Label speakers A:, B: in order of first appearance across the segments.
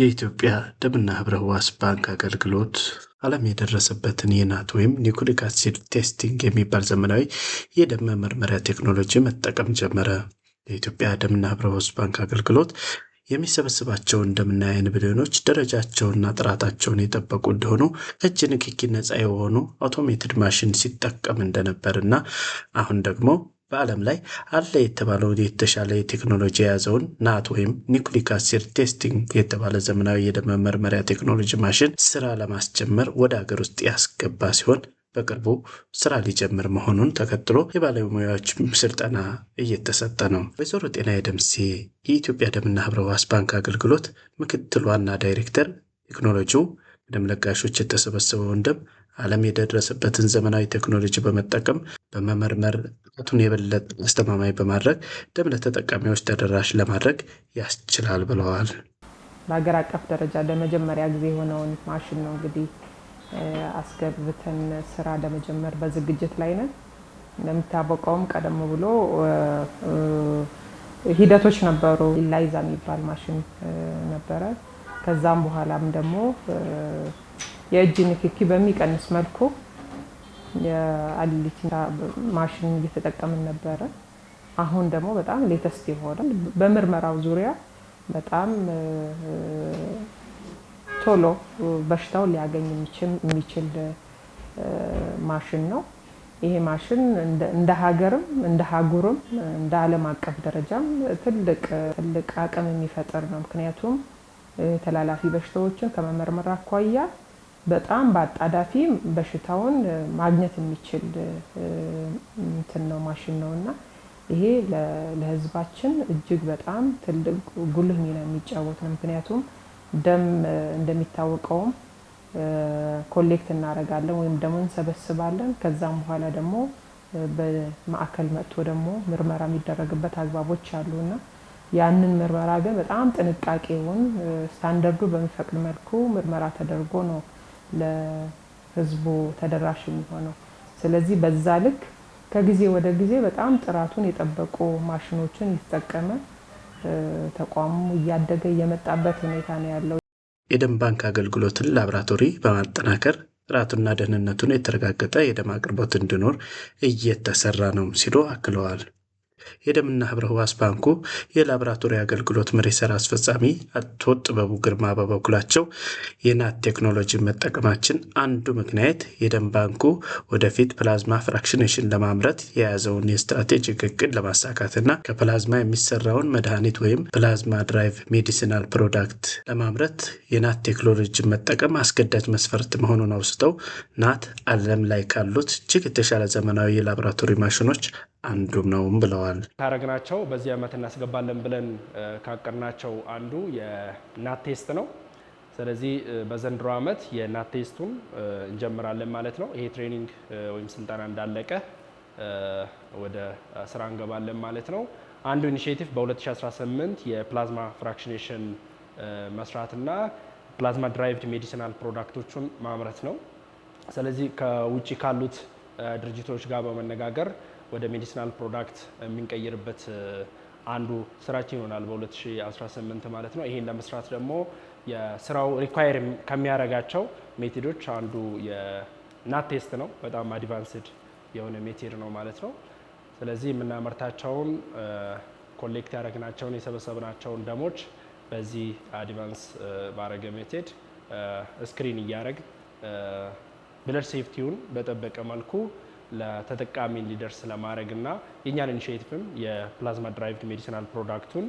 A: የኢትዮጵያ ደምና ህብረ ህዋስ ባንክ አገልግሎት ዓለም የደረሰበትን የናት ወይም ኒኩሊክ አሲድ ቴስቲንግ የሚባል ዘመናዊ የደም መርመሪያ ቴክኖሎጂ መጠቀም ጀመረ። የኢትዮጵያ ደምና ህብረ ህዋስ ባንክ አገልግሎት የሚሰበስባቸውን ደምና የዓይን ብሌኖች ደረጃቸውና ጥራታቸውን የጠበቁ እንደሆኑ እጅ ንክኪ ነፃ የሆኑ አውቶሜትድ ማሽን ሲጠቀም እና አሁን ደግሞ በዓለም ላይ አለ የተባለው የተሻለ ቴክኖሎጂ የያዘውን ናት ወይም ኒውክሊክ አሲድ ቴስቲንግ የተባለ ዘመናዊ የደም መርመሪያ ቴክኖሎጂ ማሽን ስራ ለማስጀመር ወደ ሀገር ውስጥ ያስገባ ሲሆን በቅርቡ ስራ ሊጀምር መሆኑን ተከትሎ የባለሙያዎች ስልጠና እየተሰጠ ነው። ወይዘሮ ጤና ደምሴ የኢትዮጵያ ደምና ህብረ ባንክ አገልግሎት ምክትል ዋና ዳይሬክተር፣ ቴክኖሎጂው ደም ለጋሾች የተሰበሰበውን ደም ዓለም የደረሰበትን ዘመናዊ ቴክኖሎጂ በመጠቀም በመመርመር ቱን የበለጠ አስተማማኝ በማድረግ ደም ለተጠቃሚዎች ተደራሽ ለማድረግ ያስችላል ብለዋል።
B: በሀገር አቀፍ ደረጃ ለመጀመሪያ ጊዜ የሆነውን ማሽን ነው እንግዲህ አስገብተን ስራ ለመጀመር በዝግጅት ላይ ነን። እንደሚታወቀውም ቀደም ብሎ ሂደቶች ነበሩ። ኢላይዛ የሚባል ማሽን ነበረ። ከዛም በኋላም ደግሞ የእጅ ንክኪ በሚቀንስ መልኩ የአሊቲ ማሽን እየተጠቀምን ነበረ። አሁን ደግሞ በጣም ሌተስት የሆነ በምርመራው ዙሪያ በጣም ቶሎ በሽታው ሊያገኝ የሚችል ማሽን ነው። ይሄ ማሽን እንደ ሀገርም እንደ ሀጉርም እንደ ዓለም አቀፍ ደረጃም ትልቅ ትልቅ አቅም የሚፈጥር ነው። ምክንያቱም ተላላፊ በሽታዎችን ከመመርመር አኳያ በጣም በአጣዳፊ በሽታውን ማግኘት የሚችል እንትን ነው ማሽን ነው እና ይሄ ለህዝባችን እጅግ በጣም ትልቅ ጉልህ ሚና የሚጫወት ነው። ምክንያቱም ደም እንደሚታወቀውም ኮሌክት እናደርጋለን ወይም ደግሞ እንሰበስባለን። ከዛም በኋላ ደግሞ በማዕከል መጥቶ ደግሞ ምርመራ የሚደረግበት አግባቦች አሉ እና ያንን ምርመራ ግን በጣም ጥንቃቄውን ስታንደርዱ በሚፈቅድ መልኩ ምርመራ ተደርጎ ነው ለህዝቡ ተደራሽ የሚሆነው። ስለዚህ በዛ ልክ ከጊዜ ወደ ጊዜ በጣም ጥራቱን የጠበቁ ማሽኖችን ይጠቀመ ተቋሙ እያደገ የመጣበት ሁኔታ ነው ያለው።
A: የደም ባንክ አገልግሎትን ላብራቶሪ በማጠናከር ጥራቱና ደህንነቱን የተረጋገጠ የደም አቅርቦት እንዲኖር እየተሰራ ነው ሲሉ አክለዋል። የደምና ህብረ ህዋስ ባንኩ የላቦራቶሪ አገልግሎት መሪ ስራ አስፈጻሚ አቶ ጥበቡ ግርማ በበኩላቸው የናት ቴክኖሎጂ መጠቀማችን አንዱ ምክንያት የደም ባንኩ ወደፊት ፕላዝማ ፍራክሽኔሽን ለማምረት የያዘውን የስትራቴጂ እቅድ ለማሳካትና ከፕላዝማ የሚሰራውን መድኃኒት ወይም ፕላዝማ ድራይቭ ሜዲሲናል ፕሮዳክት ለማምረት የናት ቴክኖሎጂ መጠቀም አስገዳጅ መስፈርት መሆኑን አውስተው ናት ዓለም ላይ ካሉት እጅግ የተሻለ ዘመናዊ የላቦራቶሪ ማሽኖች አንዱም ነውም ብለዋል።
C: ካረግናቸው በዚህ ዓመት እናስገባለን ብለን ካቀድናቸው አንዱ የናት ቴስት ነው። ስለዚህ በዘንድሮ ዓመት የናት ቴስቱን እንጀምራለን ማለት ነው። ይሄ ትሬኒንግ ወይም ስልጠና እንዳለቀ ወደ ስራ እንገባለን ማለት ነው። አንዱ ኢኒሽቲቭ በ2018 የፕላዝማ ፍራክሽኔሽን መስራትና ፕላዝማ ድራይቭድ ሜዲሲናል ፕሮዳክቶቹን ማምረት ነው። ስለዚህ ከውጭ ካሉት ድርጅቶች ጋር በመነጋገር ወደ ሜዲሲናል ፕሮዳክት የምንቀይርበት አንዱ ስራችን ይሆናል በ2018 ማለት ነው። ይሄን ለመስራት ደግሞ የስራው ሪኳየር ከሚያደርጋቸው ሜቴዶች አንዱ የናት ቴስት ነው። በጣም አድቫንስድ የሆነ ሜቴድ ነው ማለት ነው። ስለዚህ የምናመርታቸውን ኮሌክት ያደረግናቸውን የሰበሰብናቸውን ደሞች በዚህ አድቫንስ ባረገ ሜቴድ ስክሪን እያደረግ ብለድ ሴፍቲውን በጠበቀ መልኩ ለተጠቃሚ እንዲደርስ ለማድረግ እና የእኛን ኢኒሽቲቭም የፕላዝማ ድራይቭድ ሜዲሲናል ፕሮዳክቱን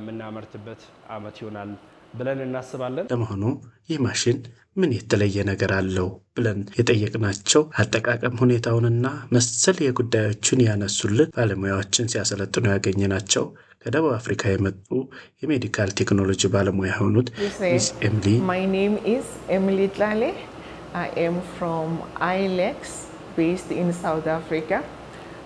C: የምናመርትበት አመት ይሆናል ብለን እናስባለን።
A: ለመሆኑ ይህ ማሽን ምን የተለየ ነገር አለው ብለን የጠየቅናቸው አጠቃቀም ሁኔታውንና መሰል የጉዳዮችን ያነሱልን ባለሙያዎችን ሲያሰለጥኑ ያገኘ ናቸው። ከደቡብ አፍሪካ የመጡ የሜዲካል ቴክኖሎጂ ባለሙያ የሆኑት
D: ሚስ ኤምሊ based in South Africa.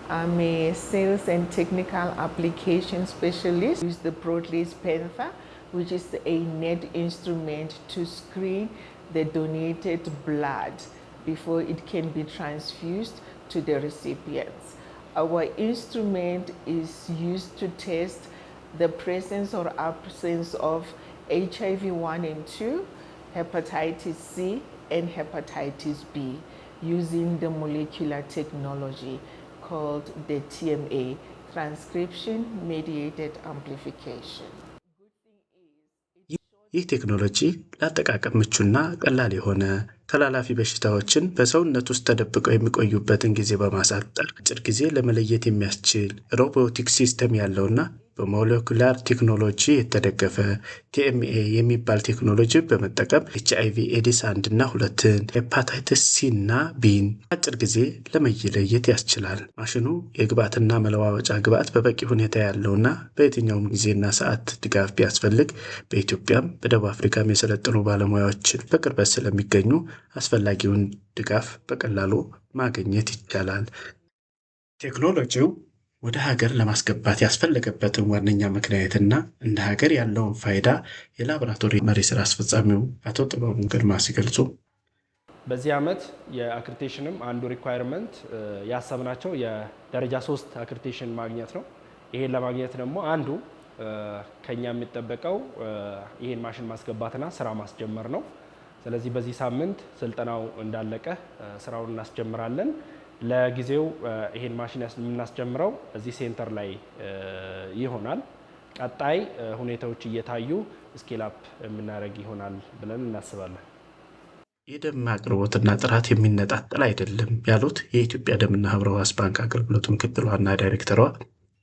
D: I'm a sales and technical application specialist. with the Broadleaf Panther, which is a net instrument to screen the donated blood before it can be transfused to the recipients. Our instrument is used to test the presence or absence of HIV 1 and 2, hepatitis C, and hepatitis B. using the molecular technology called the TMA, transcription mediated amplification.
A: ይህ ቴክኖሎጂ ለአጠቃቀም ምቹና ቀላል የሆነ ተላላፊ በሽታዎችን በሰውነት ውስጥ ተደብቀው የሚቆዩበትን ጊዜ በማሳጠር አጭር ጊዜ ለመለየት የሚያስችል ሮቦቲክ ሲስተም ያለውና በሞለኩላር ቴክኖሎጂ የተደገፈ ቲኤምኤ የሚባል ቴክኖሎጂ በመጠቀም ኤች አይቪ ኤዲስ አንድና ሁለትን ሲ ሲና ቢን አጭር ጊዜ ለመለየት ያስችላል። ማሽኑ የግብአትና መለዋወጫ ግብአት በበቂ ሁኔታ ያለውና በየትኛውም ጊዜና ሰዓት ድጋፍ ቢያስፈልግ በኢትዮጵያም በደቡብ አፍሪካም የሰለጠኑ ባለሙያዎችን በቅርበት ስለሚገኙ አስፈላጊውን ድጋፍ በቀላሉ ማግኘት ይቻላል። ቴክኖሎጂው ወደ ሀገር ለማስገባት ያስፈለገበትን ዋነኛ ምክንያትና እንደ ሀገር ያለውን ፋይዳ የላቦራቶሪ መሪ ስራ አስፈጻሚው አቶ ጥበቡ ግርማ ሲገልጹ
C: በዚህ ዓመት የአክሪቴሽንም አንዱ ሪኳየርመንት ያሰብናቸው የደረጃ ሶስት አክሪቴሽን ማግኘት ነው። ይሄን ለማግኘት ደግሞ አንዱ ከኛ የሚጠበቀው ይሄን ማሽን ማስገባትና ስራ ማስጀመር ነው። ስለዚህ በዚህ ሳምንት ስልጠናው እንዳለቀ ስራውን እናስጀምራለን። ለጊዜው ይሄን ማሽን የምናስጀምረው እዚህ ሴንተር ላይ ይሆናል። ቀጣይ ሁኔታዎች እየታዩ ስኬላፕ የምናደርግ ይሆናል ብለን እናስባለን።
A: የደም አቅርቦትና ጥራት የሚነጣጠል አይደለም ያሉት የኢትዮጵያ ደምና ህብረ ሕዋስ ባንክ አገልግሎት ምክትል ዋና ዳይሬክተሯ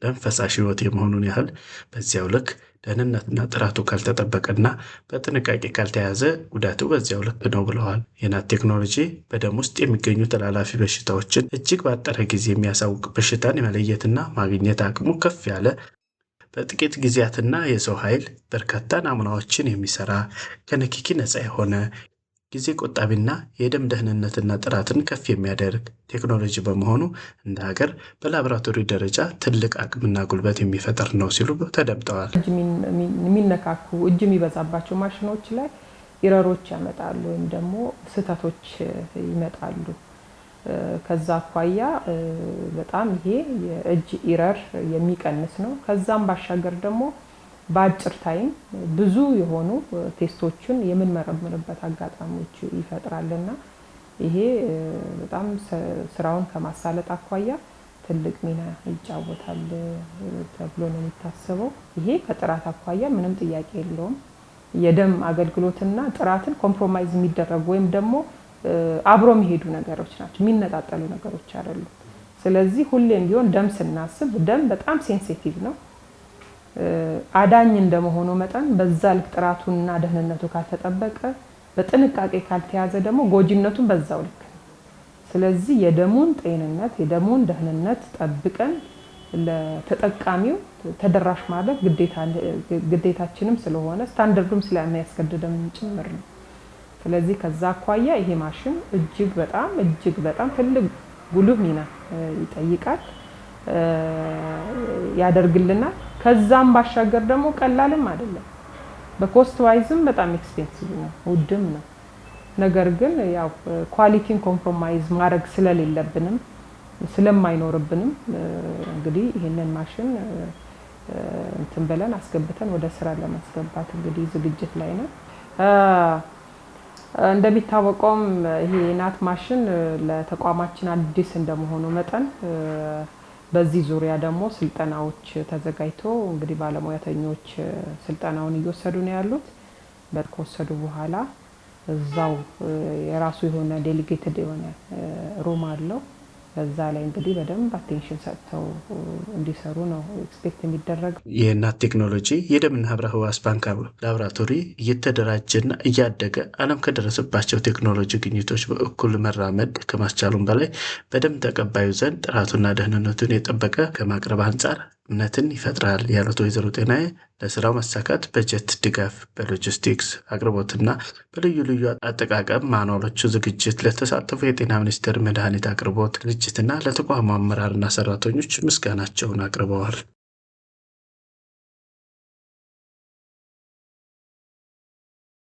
A: ደም ፈሳሽ ህይወት የመሆኑን ያህል በዚያው ልክ ደህንነትና ጥራቱ ካልተጠበቀና በጥንቃቄ ካልተያዘ ጉዳቱ በዚያው ልክ ነው ብለዋል። የናት ቴክኖሎጂ በደም ውስጥ የሚገኙ ተላላፊ በሽታዎችን እጅግ ባጠረ ጊዜ የሚያሳውቅ በሽታን የመለየትና ማግኘት አቅሙ ከፍ ያለ በጥቂት ጊዜያትና የሰው ኃይል በርካታ ናሙናዎችን የሚሰራ ከንኪኪ ነፃ የሆነ ጊዜ ቆጣቢና የደም ደህንነትና ጥራትን ከፍ የሚያደርግ ቴክኖሎጂ በመሆኑ እንደ ሀገር በላቦራቶሪ ደረጃ ትልቅ አቅምና ጉልበት የሚፈጥር ነው ሲሉ ተደምጠዋል።
B: የሚነካኩ እጅ የሚበዛባቸው ማሽኖች ላይ ኢረሮች ያመጣሉ ወይም ደግሞ ስህተቶች ይመጣሉ። ከዛ አኳያ በጣም ይሄ የእጅ ኢረር የሚቀንስ ነው። ከዛም ባሻገር ደግሞ በአጭር ታይም ብዙ የሆኑ ቴስቶችን የምንመረምርበት አጋጣሚዎች ይፈጥራልና ይሄ በጣም ስራውን ከማሳለጥ አኳያ ትልቅ ሚና ይጫወታል ተብሎ ነው የሚታሰበው። ይሄ ከጥራት አኳያ ምንም ጥያቄ የለውም። የደም አገልግሎትና ጥራትን ኮምፕሮማይዝ የሚደረጉ ወይም ደግሞ አብሮ የሚሄዱ ነገሮች ናቸው፣ የሚነጣጠሉ ነገሮች አይደሉም። ስለዚህ ሁሌም ቢሆን ደም ስናስብ ደም በጣም ሴንሲቲቭ ነው። አዳኝ እንደመሆኑ መጠን በዛ ልክ ጥራቱና ደህንነቱ ካልተጠበቀ በጥንቃቄ ካልተያዘ ደግሞ ጎጂነቱን በዛው ልክ ስለዚህ የደሙን ጤንነት የደሙን ደህንነት ጠብቀን ለተጠቃሚው ተደራሽ ማድረግ ግዴታችንም ስለሆነ ስታንደርዱም ስለሚያስገድደም ጭምር ነው። ስለዚህ ከዛ አኳያ ይሄ ማሽን እጅግ በጣም እጅግ በጣም ትልቅ ጉልህ ሚና ይጠይቃል፣ ያደርግልናል። ከዛም ባሻገር ደግሞ ቀላልም አይደለም። በኮስት ዋይዝም በጣም ኤክስፔንሲቭ ነው፣ ውድም ነው። ነገር ግን ያው ኳሊቲን ኮምፕሮማይዝ ማድረግ ስለሌለብንም ስለማይኖርብንም እንግዲህ ይህንን ማሽን እንትን ብለን አስገብተን ወደ ስራ ለማስገባት እንግዲህ ዝግጅት ላይ ነው። እንደሚታወቀውም ይሄ ናት ማሽን ለተቋማችን አዲስ እንደመሆኑ መጠን በዚህ ዙሪያ ደግሞ ስልጠናዎች ተዘጋጅቶ እንግዲህ ባለሙያተኞች ስልጠናውን እየወሰዱ ነው ያሉት። ከወሰዱ በኋላ እዛው የራሱ የሆነ ዴሊጌትድ የሆነ ሩም አለው። በዛ ላይ እንግዲህ በደንብ አቴንሽን ሰጥተው እንዲሰሩ ነው ኤክስፔክት የሚደረግ።
A: የእናት ቴክኖሎጂ የደምና ህብረ ህዋስ ባንክ ላቦራቶሪ እየተደራጀና እያደገ ዓለም ከደረሰባቸው ቴክኖሎጂ ግኝቶች በእኩል መራመድ ከማስቻሉም በላይ በደም ተቀባዩ ዘንድ ጥራቱና ደህንነቱን የጠበቀ ከማቅረብ አንጻር እምነትን ይፈጥራል ያሉት ወይዘሮ ጤናዬ ለስራው መሳካት በጀት ድጋፍ፣ በሎጂስቲክስ አቅርቦትና በልዩ ልዩ አጠቃቀም ማኖሎቹ ዝግጅት ለተሳተፉ የጤና ሚኒስቴር መድኃኒት አቅርቦት ድርጅትና ለተቋሙ አመራርና ሰራተኞች ምስጋናቸውን አቅርበዋል።